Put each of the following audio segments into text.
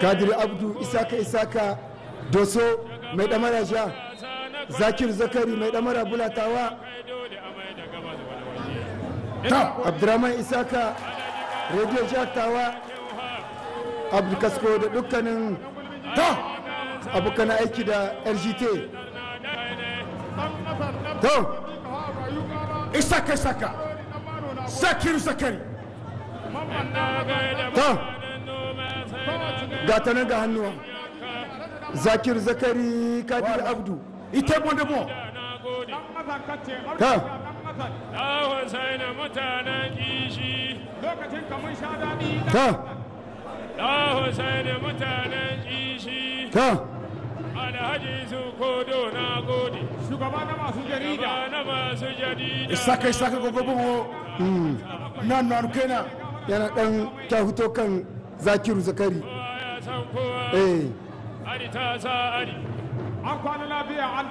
Kadir abdu isaka isaka doso mai damara ja zakir zakari mai damara bulatawa ta abdurrahman isaka radio jaktawa kasko da dukkanin ta abokan aiki da rgt to isaka isaka zakir zakari ta ga ta nan ga hannuwa zakir zakari kadir abdu ita bon da ta ta ta alhaji su kodo na gode shugaba na masu jarida na masu jarida isaka isaka hmm. nan nan kenan yana dan kyahuto kan zakiru zakari eh an kwana lafiya an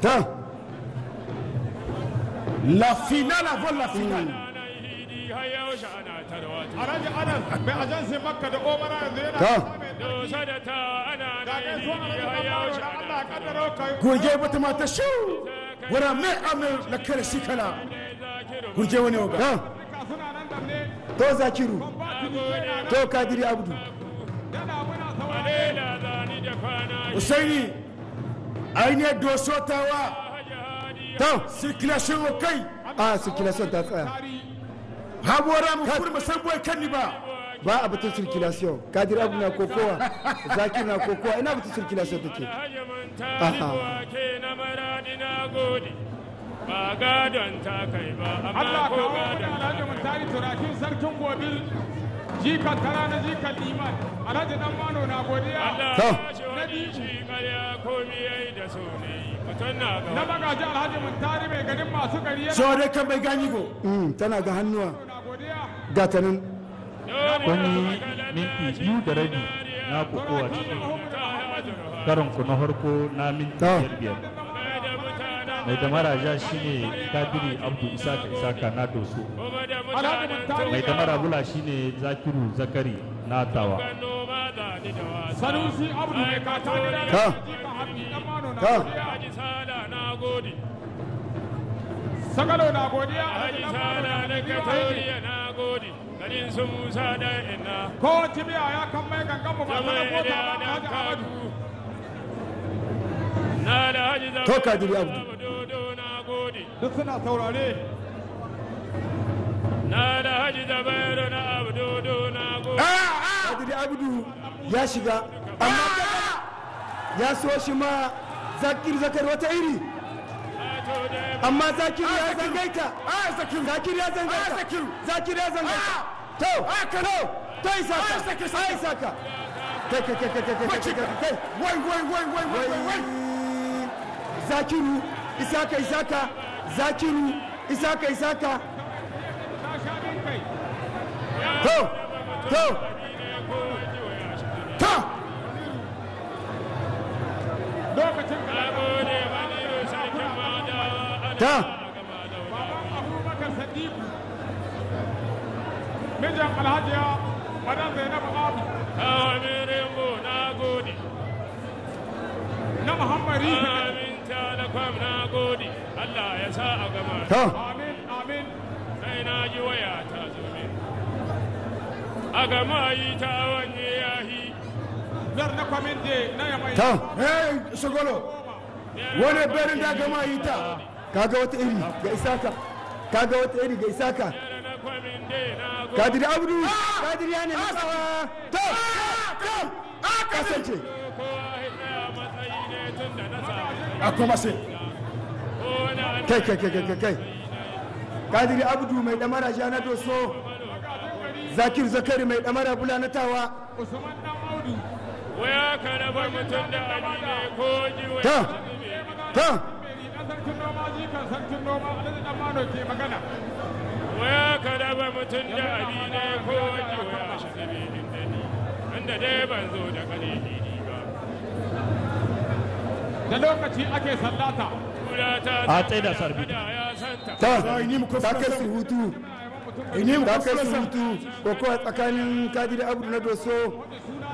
ta la finale avant la finale alhaji anas mai ajansin makka da yanzu yana ta goge mata wara me amel na kare sikala kurje wani oga to zakiru to kadiri abdu usaini aine dosotawa to sikilation o kai a ah, sikilashin ta tsaya habuwara mu kurma kan e ni ba ba a batun circulation kadir abu na kokowa zaki na kokowa ina batun circulation take talibuwa ke na maradina gode ba gadon ta kai ba amma ko gadon ta kai alhaji turakin sarkin gobil jikan tara na jikan liman alhaji dan mano na godiya na biyu shi karya komi yayi da so ne mutum na ga na bagaji alhaji muntari mai ganin masu gari yana so dai kan bai gani ko mm, tana ga hannuwa ga nan wani minti biyu da rabi na bukowa cikin karon ku na harko na minti biyar biyar mai damara ja shine kabiri abdu isa isaka isaka na doso mai damara bula shine zakiru zakari na tawa sanusi abdu mai ka ka sakalo na godiya haji sala na katoriya na gode garin su musa da ina ko tibiya ya kan mai gangan mu ba ta mota ba ta to kadiri abdu duk suna na da haji zabairu na na gode kadiri abdu ya shiga amma ah! ya so shi ma zakir zakar wata iri amma zakir ya ah, zangaita ah, zakir ya zangaita zakir ya zangaita to to to isaka isaka kai kai kai kai kai kai kai kai kai, kai, wai wai wai wai zakiru isaka isaka zakiru isaka isaka to to ta ta mijin alhajiya madan zainabu abu amirin na gode na muhammad rifi Allah ya sa a gama. Amin amin sai na ji waya ta A gama yi ta ya yi. Zar na kwamin je na ya mai. Hey Sogolo. Wani berin da gama yi ta. Kaga wata iri ga Isaka. Kaga wata iri ga Isaka. Kadiri Abdu. Ah! Kadiri ya ah! Ah! ne matsawa. Kasance. A kuma sai. kai kai kai kai kai kadiri abdu mai damara ja na doso zakir zakari mai damara bulanatawa usman dan ka na bar mutum da ali ne ko waya ka bar da zo da ba da lokaci ake sallata a tsaye da sarbi ta kai su hutu ta kai su hutu ko kuwa tsakanin Kadir Abdu na doso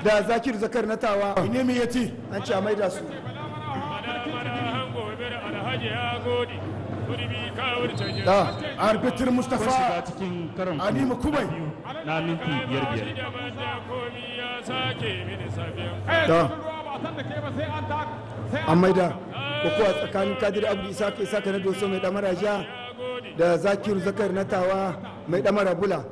da zakir zakar na tawa ne mai yaci an ce a maida su da arbitir mustafa alimu kubai na minti biyar biyar da an maida kokowa tsakanin kadir abdu isaka isaka na doso mai damara ja da zakiru zakar na tawa mai damara bula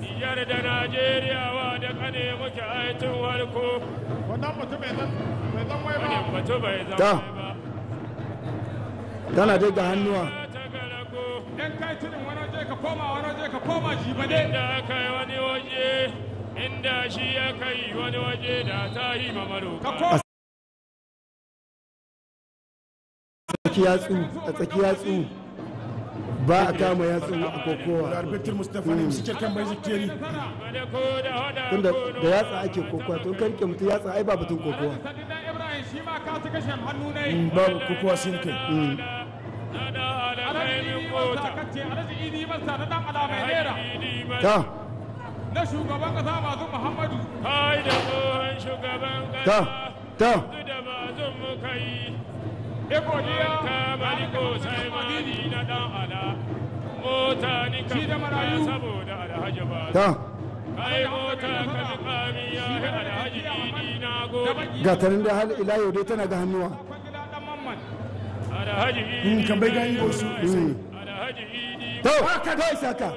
Nijar da Najeriya wa da kane muke aitin warko. Wannan mutum bai zan wai ba. Wannan mutum bai zan wai ba. Tana dai ga hannuwa. Yan kai tunin wani waje ka koma wani waje ka koma shi Da aka wani waje. shi ya kai wani waje da ta yi mamaruka a tsaki yatsu ba a kama yatsun a kokowa arbitar mustapha ne suke kan bai zikiri tunda da yatsa ake kokowa tun karke mutum yatsa ai ba batun kokowa mm, Ba kokowa sun kai mm. ta da shugaban kasa masu muhammadu kai da tsohon shugaban kasa ta da muka yi ka bari ko sai na dan ala mota ni ka saboda alhaji ba ta ga tarin da hal ila yau dai tana ga hannuwa alhaji hmm, kan bai ga hmm. to ka saka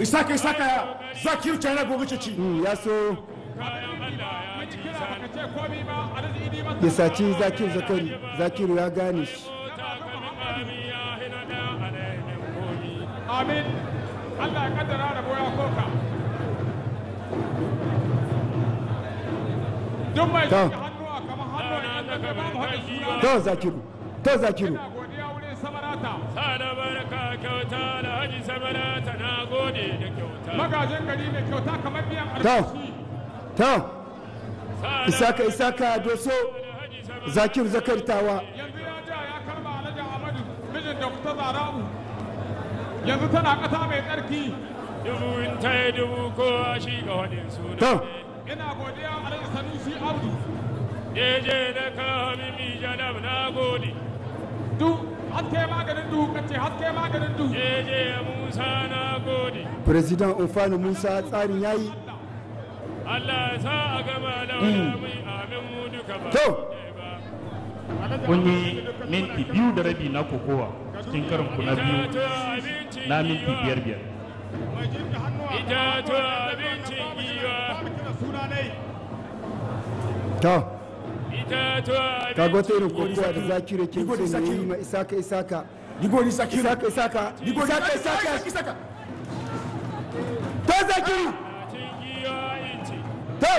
isaka isaka zakir china gobe ce ci ya so ya saci zakir zakari zakiru ya gane shi amin allah ya kaddara da boya koka duk mai hannu a kamar hannu ne to zakiru to zakiru kyauta sada barka kyauta alhaji sabala tana gode da kyauta magajin gari mai kyauta kamar biyan arziki to isaka isaka doso zakir zakartawa yanzu ya ja ya karba alhaji amadu mijin da kuta zara'u yanzu tana kasa mai tsarki dubu in ta yi dubu kowa shi ga wadin suna ina godiya alhaji sanusi abdu Deje da ka hamimi janab na gode. Duk haske maganin duhu ce haske maganin jeje musa na gode president umfani musa tsarin yayi Allah ya sa a gama mm. amin mu duka ba to kun yi minti biyu da rabi na kokowa cikin na biyu na minti biyar biyar ka gote irin kokowa da zaki da ke so ne yi ma isaka isaka digori sakiri isaka isaka digori isaka isaka isaka to zakiri to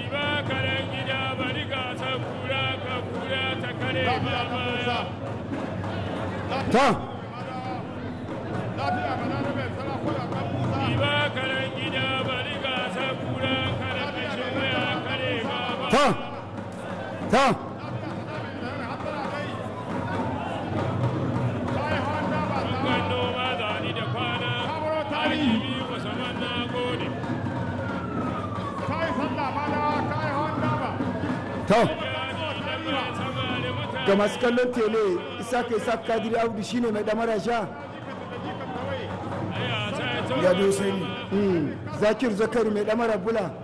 iba karen gida bari ga san kura ka kura ta kare ba ba to lafiya kana da bai sana ko da kan iba karen ta ta ta ga masu kallon tele isa kadiri abu mai sha ya hmm. zakir mai damara bula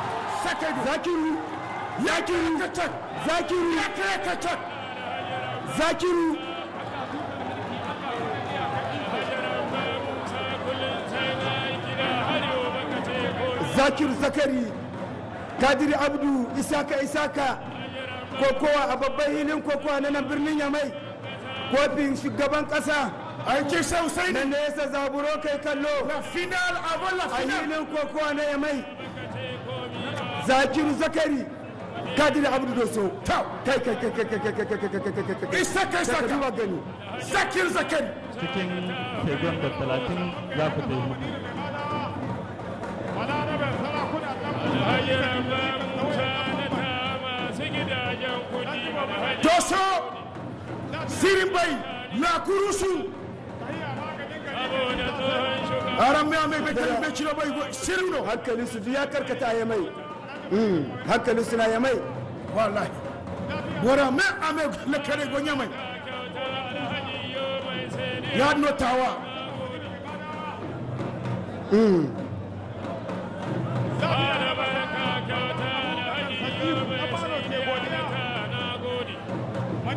zakiru zakiru zakiru zakiru zakiru zakari kadiri abdu isaka isaka kokowa a babban hilin kokowa na nan birnin yamai kofin shugaban kasa nan sausai na nesa zaburo kai kallo a hilin kokowa na yamai zakir zakari kadiri abdu doso ta kai kai kai kai kai kai kai kai kai kai kai kai kai zakari cikin shegon da talatin za ku ta yi mutu doso sirin bai lakurusu mai bai bai sirin no hankalin su ya karkata ya mai hankali suna ya mai wallahi wara mai ame na kare gonya mai ya notawa hmm.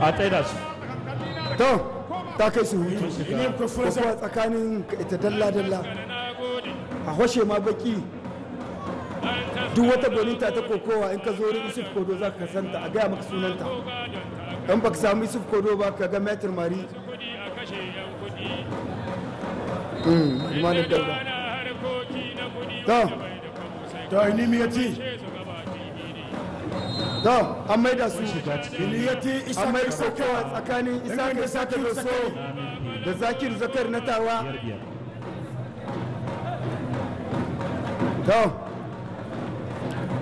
a da su to ta kai su hutu ko kuma tsakanin ita dalla-dalla a hoshe ma baki duk wata gwaninta ta kokowa in ka zo wurin isuf kodo za ka santa a gaya maka sunanta in baka samu isuf kodo ba ka ga metir mari ta ta ilimi ya ci to an maida su iliyati isa mai saukewa tsakanin isa ka isa ka da zakir zakar na tawa to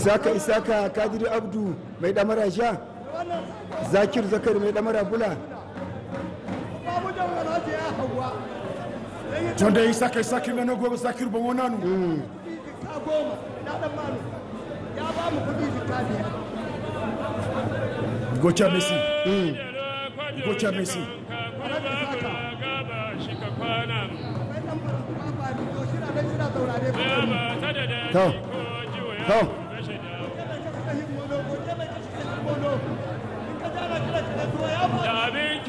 isaka isaka kadiri abdu mai damara sha zakir zakar mai damara bula tun da isaka isaka mai nagogo zakir ban wani nu hmm. gocha mesi hmm. gocha mesi to to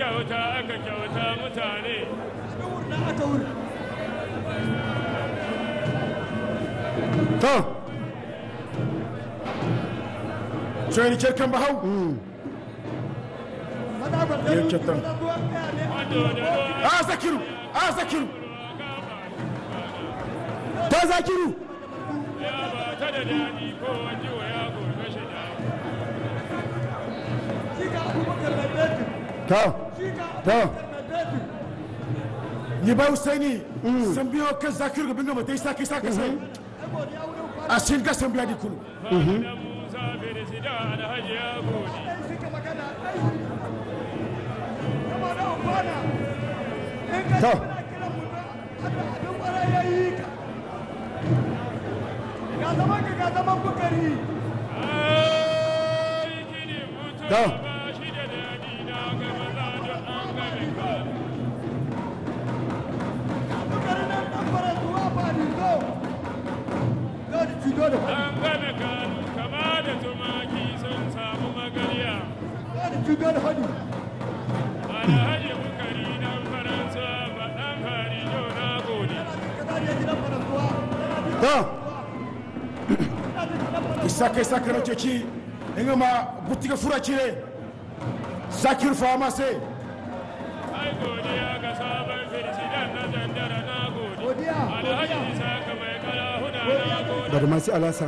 kyauta aka kyauta mutane to tsohon kirkan bahau a zakiru a zakiru ta zakiru ta ni ba usaini mm. san biyo kan zakir ga binga mata isa kai sa a sin di mm-hmm. to ga ka ga zaman bukari to alhaji alhaji na hari yau na gode to isakai fura cire zakir fama ga sabon alasa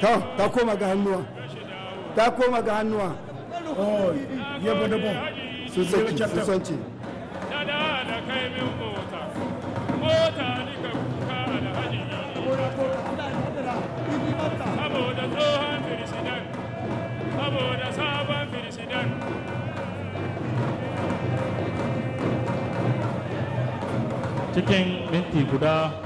ta ta koma ga hannuwa ta koma ga hannuwa ya bada bon su sanci su sanci cikin minti guda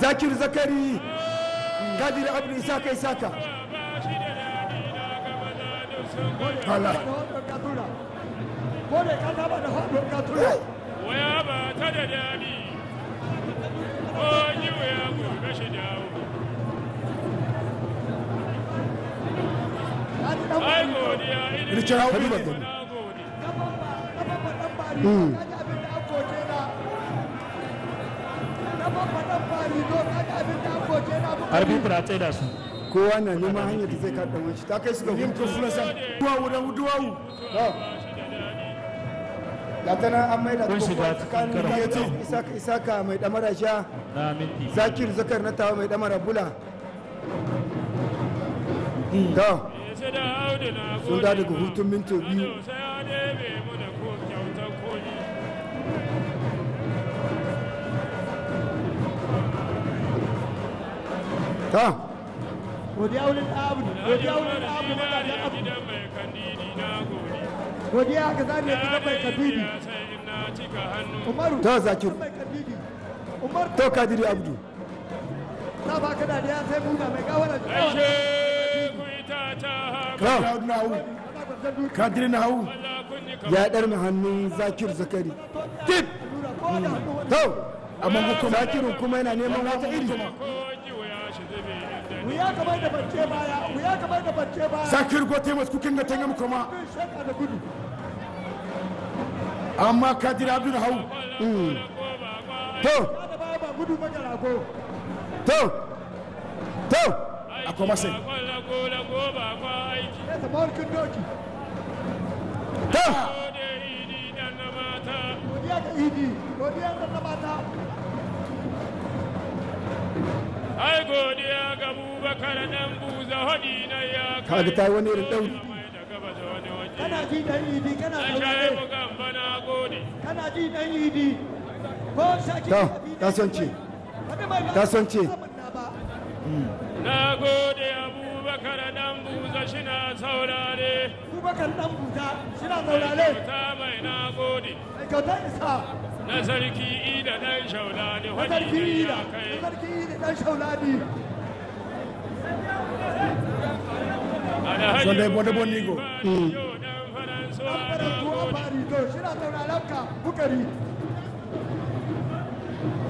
zakir zakari kadir abdu isaka isaka Allah kore ka taba da hado ka tura waya ba ta da dadi o ni waya ku ga shi dawo ai godiya ina richard habibu arbitra a su kowa na neman hanyar da zai kaɗa wani ta kai su ga yin kusurasa duwa an maida kofa tsakanin gaiti isaka isaka mai damara sha zakir zakar na tawa mai damara bula to sun da daga hutun minto biyu ta godiya wurin abu godiya wurin abu godiya zane mai kadidi umaru ta zakir kadiri abdu ta ba ka da ya sai buga mai gawara ta kadiri na ya dar na hannun zakir zakari tip to amma hukumar kuma yana neman wata iri zakir gote masu kukin ga tangam kuma amma kadir abdul hau mm. to to to a kuma sai to godiya da idi godiya da ai godiya ga bubakar dan buza hadi na ya kai kaga tayi wani irin dauri kana ji dan idi kana shaye mu gamba na gode kana ji dan idi ko saki to kasance kasance na gode abubakar dan buza shina saurare abubakar dan buza shina saurare ta mai na gode kai ka ta isa na sarki da ɗan shaulani sarki da ɗan shaulani Sunday Bode Bonigo.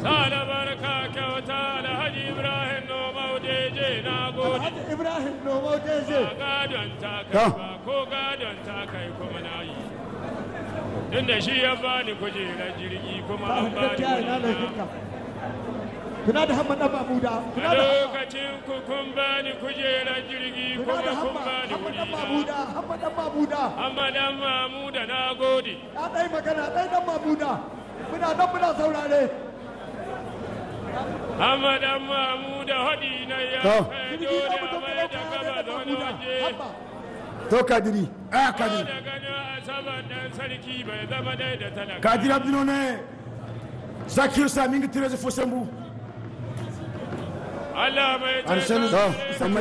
Sada barka kyauta Alhaji Ibrahim Nomau Deje na gode. Alhaji Ibrahim Nomau Deje. Ba gadon ta kai ba ko gadon ta kai kuma na yi. tunda shi ya bani kujerar jirgi kuma an bani kuna da hamman dan mamuda kuna da lokacin ku kun bani kujerar jirgi kuma kun bani hamman dan mamuda hamman dan mamuda hamman dan mamuda na gode na dai magana dai dan mamuda muna nan muna saurare hamman dan mamuda hadi na ya kai dole a mai da gaba da wani waje to kadiri a ah, ah, kadiri kadiri abdino zakir sami ngi tirezi fo sembu Allah mai tsaya to an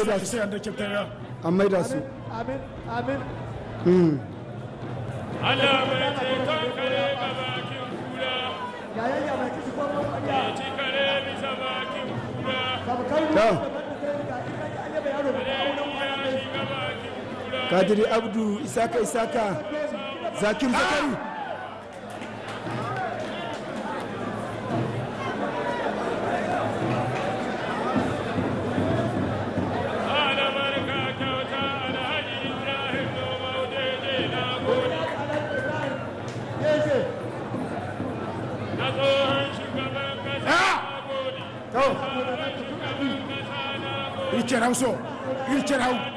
maida su an maida su amin amin hmm Allah mai tsaya kan kare babakin kula yayin ya mai kishi ko ya ci kare bisa bakin kula to kadiri abdu isaka isaka zakir zakaru Richard Hauso, Richard Hauso.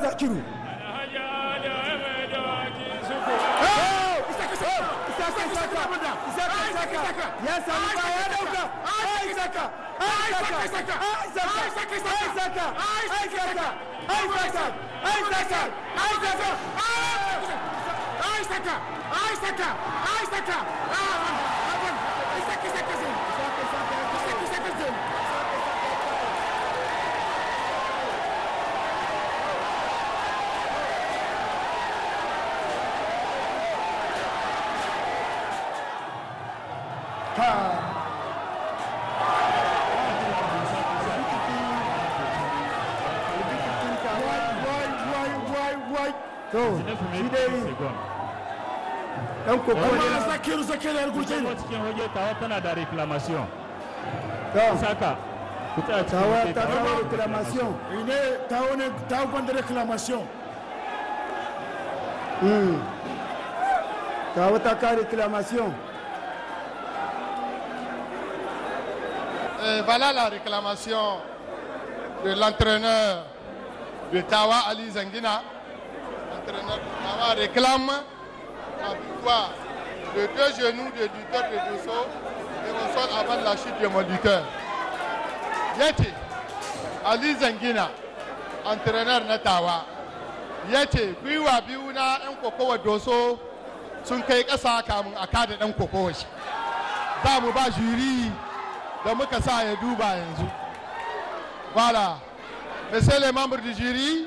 zakiru ya samu ba ya dauka Ai, saca! Ai, saca! Ai, saca! Ai, saca! Ai, saca! Ai, saca! Ai, saca! Ai, saca! Ai, saca! Ai, saca! Ai, saca! shi dai kuma zakiru zakiru yar gurje ne cikin hoje tawa tana da reclamation saka tawa ta kawo reclamation ne tawa ne ta gwanda reclamation tawa ta kawo reclamation Et voilà la réclamation de l'entraîneur de Tawa Ali Zangina entraîneur réclame la victoire de deux genoux de Duteur de Dosso et au sol avant la chute de mon cœur. Yeti, Ali Zengina, entraîneur Natawa, Yeti, Bioua gwiwa un na 'yan kokowa doso sun kai ƙasa kamun a kada ɗan kokowa shi za mu ba juri da muka sa ya voilà monsieur les membres du jury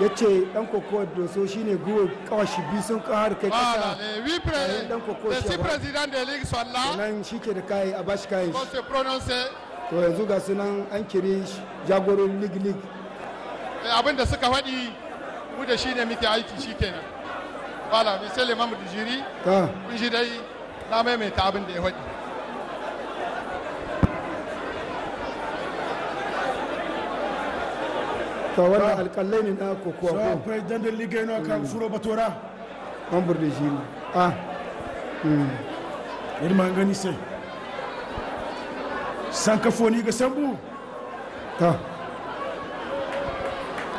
ya ce dan kokowa da kokowar doso shine guwa kawashi biyu sun kawar kai kasa a dan kokowar shaba nan shi ke da kayi a bashi kayan to yanzu ga sunan an kiri jagorin league league abin da suka faɗi mu da shi ne muke aiki shi ke nan wala misali mamu jiri kun shi dai na maimaita abin da ya faɗi to wannan na kokowa ko president da liga yana kan furo batora mambar da shi ne ah irma gani sai san kafoni ga sambu ta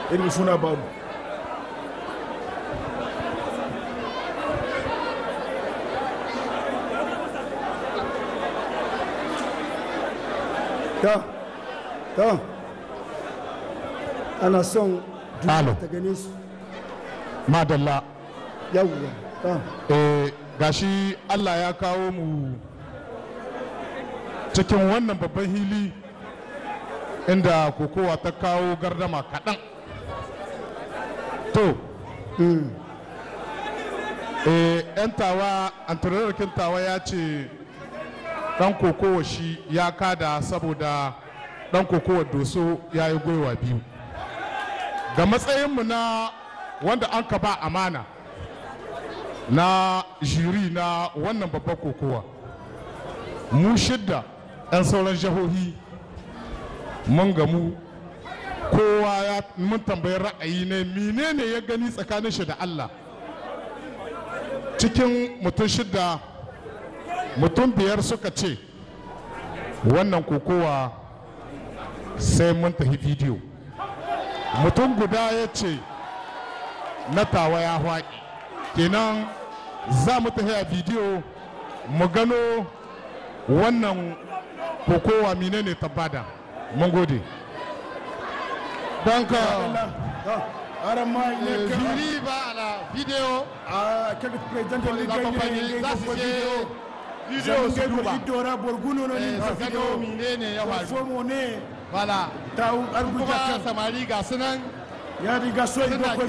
irma funa babu ta ta ana son duniya ta gane su madalla yawwa eh gashi Allah ya kawo mu cikin wannan babban hili inda kokowa ta kawo gardama kaɗan to hmm. eh, yan tawa antararar tawa ya ce dan kokowa shi ya kada saboda dan kokowa doso ya yi gwiwa biyu ga matsayinmu na wanda an ka ba amana na jiri na wannan babbar kokowa mu shidda 'yan sauran jihohi mun gamu kowa ya mun tambayi ra'ayi ne menene ya gani tsakanin shi da Allah cikin mutum shidda mutum biyar suka ce wannan kokowa sai mun tafi bidiyo mutum guda ya ce na tawa ya haƙi kenan za mu tafi a bidiyo mu gano wannan kokowa mine menene tabbada mun gode don ka juri ba a la vidéo la compagnie za su je vidéo su duba gano menene ya faru wala samari ga sunan ya riga so ko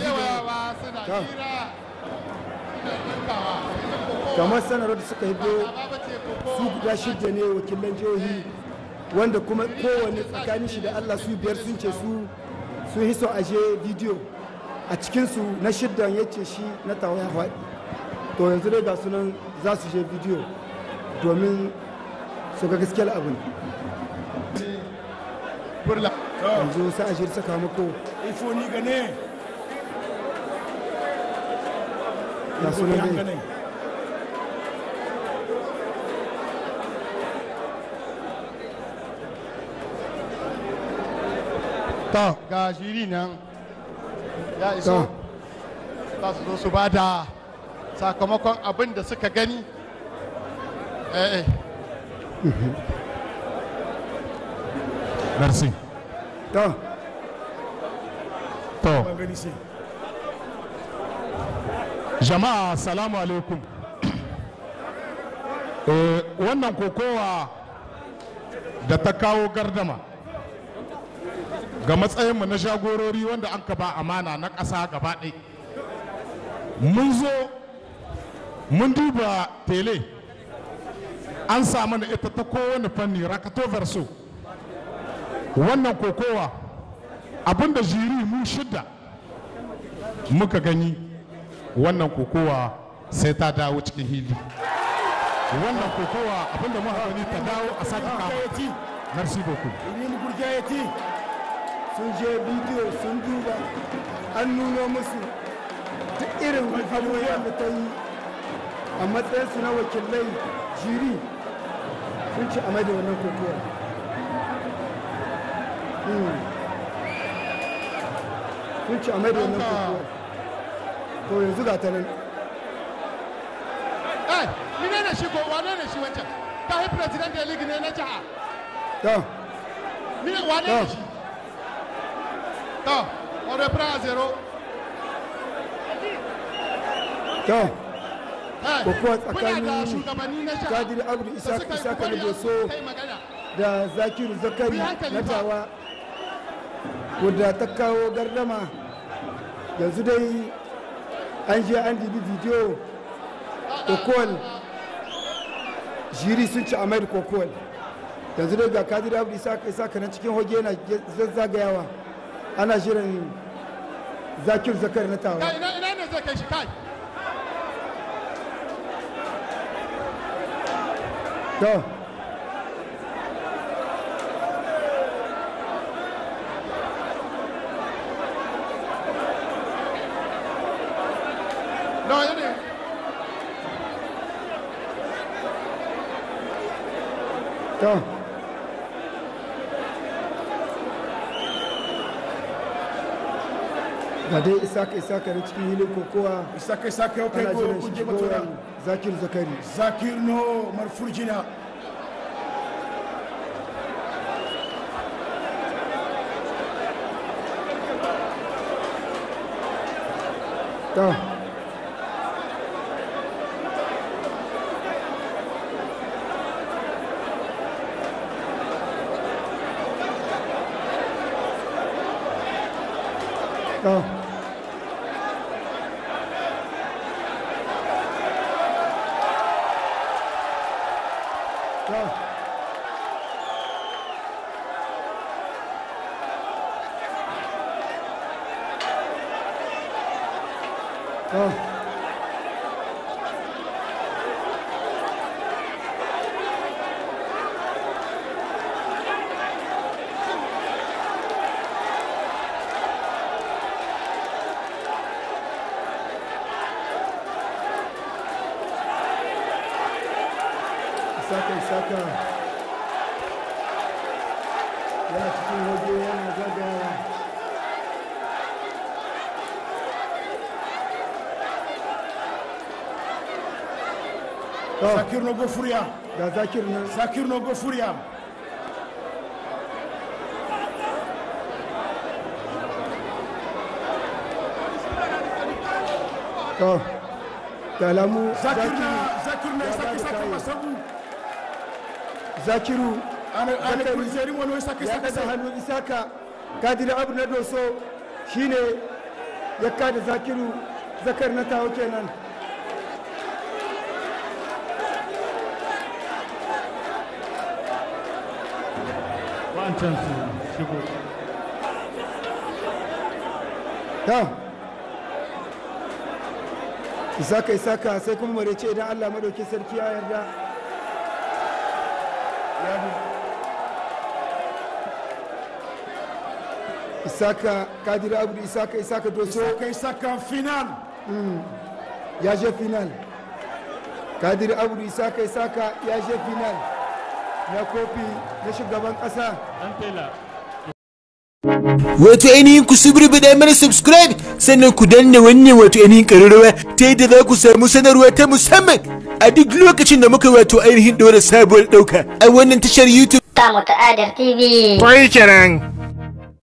kamar sanarwar da suka hido su guda shidda ne wakilan jihohi wanda kuma kowane tsakanin shi da allah su biyar sun ce su sun hiso aje bidiyo a cikinsu na shiddan ya ce shi na tawa ya to yanzu dai ga sunan za su je bidiyo domin su ga gaskiyar abin furla yanzu sa a ajiyar sakamako ifo ni gane ya suna dai ta ga shiri nan ya iso ta su zo su ba da sakamakon abin da suka gani eh eh merci To. Jama'a salamu alaikum. Eh, wannan kokowa da ta kawo gardama ga matsayinmu na shagorori wanda an ba amana na ƙasa gaba mun zo mun duba tele an samu na ita ta kowane fanni rakato verso wannan kokowa abinda jiri mu shidda muka gani wannan kokowa sai ta dawo cikin hili wannan kokowa abinda muka gani ta dawo a sake kama merci beaucoup sun je bidiyo sun duba an nuno musu duk irin abubuwan da ta yi a matsayinsu na wakilai jiri sun ci amai da wannan kokowa sun hmm. ci a da wannan kukuwa to yanzu ga ta nan eh mine ne shi ko wane ne shi wancan ta yi president da ligi ne na to mine wane ne shi to to eh, tsakanin abu isa isa da zakiru zakari na wadda ta kawo gardama yanzu dai an je an dibi video kokowal jiri sun ci amai da kokowal yanzu dai ga kadir abu isa nan cikin hoge yana zagayawa ana shirin zakir zakar na tawa to No, it is. To. Ga dai Isaka Isaka na cikin hilin kokowa. Isaka Isaka yau kai goyo kuje batura. Zakir Zakari. Zakir no marfurjina. To. Oh. no go furiya ga zakir to saki saki masabu zakiru ana ana wani saki saki hannu isaka abu na doso shine ya kada zakiru tawo kenan can su shigo ta isaka isaka sai kuma mare ce idan allah madauki sarki ya yarda isaka Kadir abu isaka isaka doso isaka isaka final hmm. ya je final Kadir abu isaka isaka ya je final na kofi na shugaban ƙasa. Wato ainihin ku subribi mana subscribe sannan ku danna wannan wato ainihin ƙararrawa ta yadda za ku samu sanarwa ta musamman a duk lokacin da muka wato ainihin ɗora sabuwar ɗauka a wannan tashar YouTube. Ta mutu Adar TV. Kwai kenan.